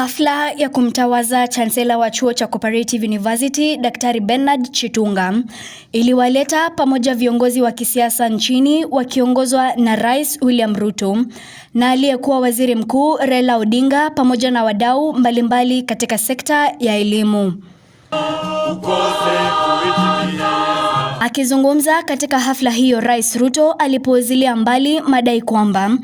Hafla ya kumtawaza chansela wa chuo cha Cooperative University Daktari Bernard Chitunga iliwaleta pamoja viongozi wa kisiasa nchini wakiongozwa na Rais William Ruto na aliyekuwa Waziri Mkuu Raila Odinga pamoja na wadau mbalimbali katika sekta ya elimu. Akizungumza katika hafla hiyo, Rais Ruto alipuuzilia mbali madai kwamba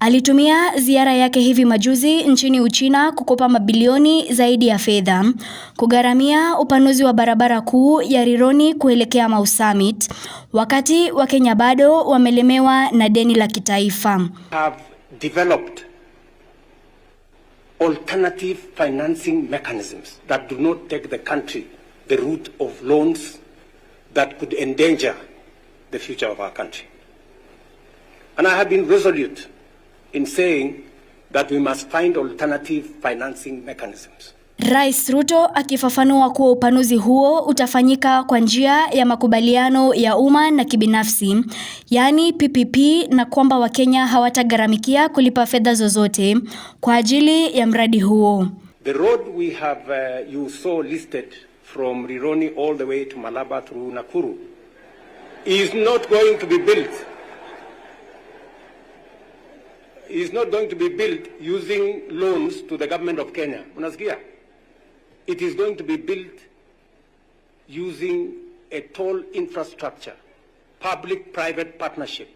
alitumia ziara yake hivi majuzi nchini Uchina kukopa mabilioni zaidi ya fedha kugharamia upanuzi wa barabara kuu ya Rironi kuelekea Mau Summit, wakati Wakenya bado wamelemewa na deni la kitaifa. Have developed alternative financing mechanisms that do not take the country the route of loans that could endanger the future of our country. And I have been resolute in saying that we must find alternative financing mechanisms. Rais Ruto akifafanua kuwa upanuzi huo utafanyika kwa njia ya makubaliano ya umma na kibinafsi, yaani PPP, na kwamba Wakenya hawatagharamikia kulipa fedha zozote kwa ajili ya mradi huo. The road we have, uh, you saw listed from Rironi all the way to Malaba through Nakuru is not going to be built. Is not going to be built using loans to the government of Kenya. It is going to be built using a toll infrastructure, public-private partnership.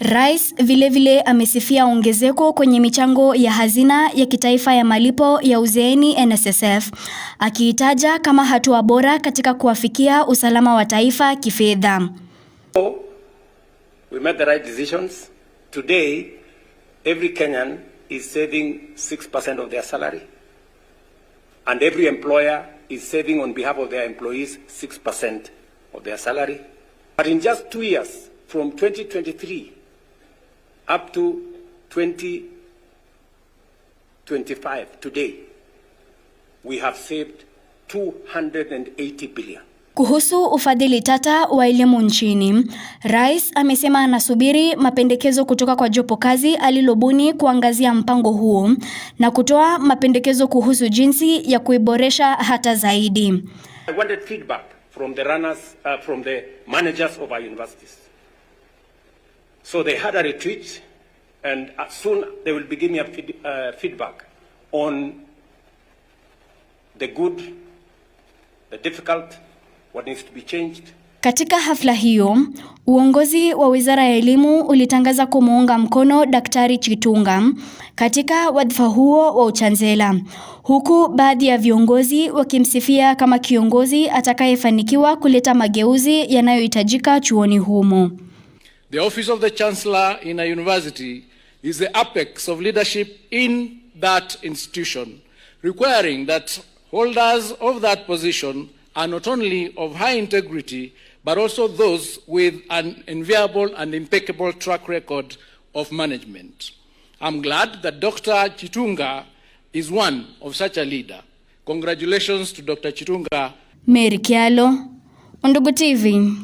Rais vilevile vile amesifia ongezeko kwenye michango ya hazina ya kitaifa ya malipo ya uzeeni NSSF, akiitaja kama hatua bora katika kuafikia usalama wa taifa kifedha. we made the right decisions. Today, every Kenyan is saving 6% of their salary. And every employer is saving on behalf of their employees 6% of their salary. But in just two years, from 2023, up to 2025 today we have saved 280 billion. Kuhusu ufadhili tata wa elimu nchini, Rais amesema anasubiri mapendekezo kutoka kwa jopo kazi alilobuni kuangazia mpango huo na kutoa mapendekezo kuhusu jinsi ya kuiboresha hata zaidi. I wanted feedback from the runners, uh, from the managers of our universities. So they had a retreat and uh, soon they will be giving me a feed, uh, feedback on the good, the difficult, what needs to be changed. Katika hafla hiyo, uongozi wa Wizara ya Elimu ulitangaza kumuunga mkono Daktari Chitunga katika wadhifa huo wa uchanzela, huku baadhi ya viongozi wakimsifia kama kiongozi atakayefanikiwa kuleta mageuzi yanayohitajika chuoni humo. The office of the chancellor in a university is the apex of leadership in that institution, requiring that holders of that position are not only of high integrity, but also those with an enviable and impeccable track record of management. I'm glad that Dr. Chitunga is one of such a leader. Congratulations to Dr. Chitunga. Mary Kialo, Undugu TV.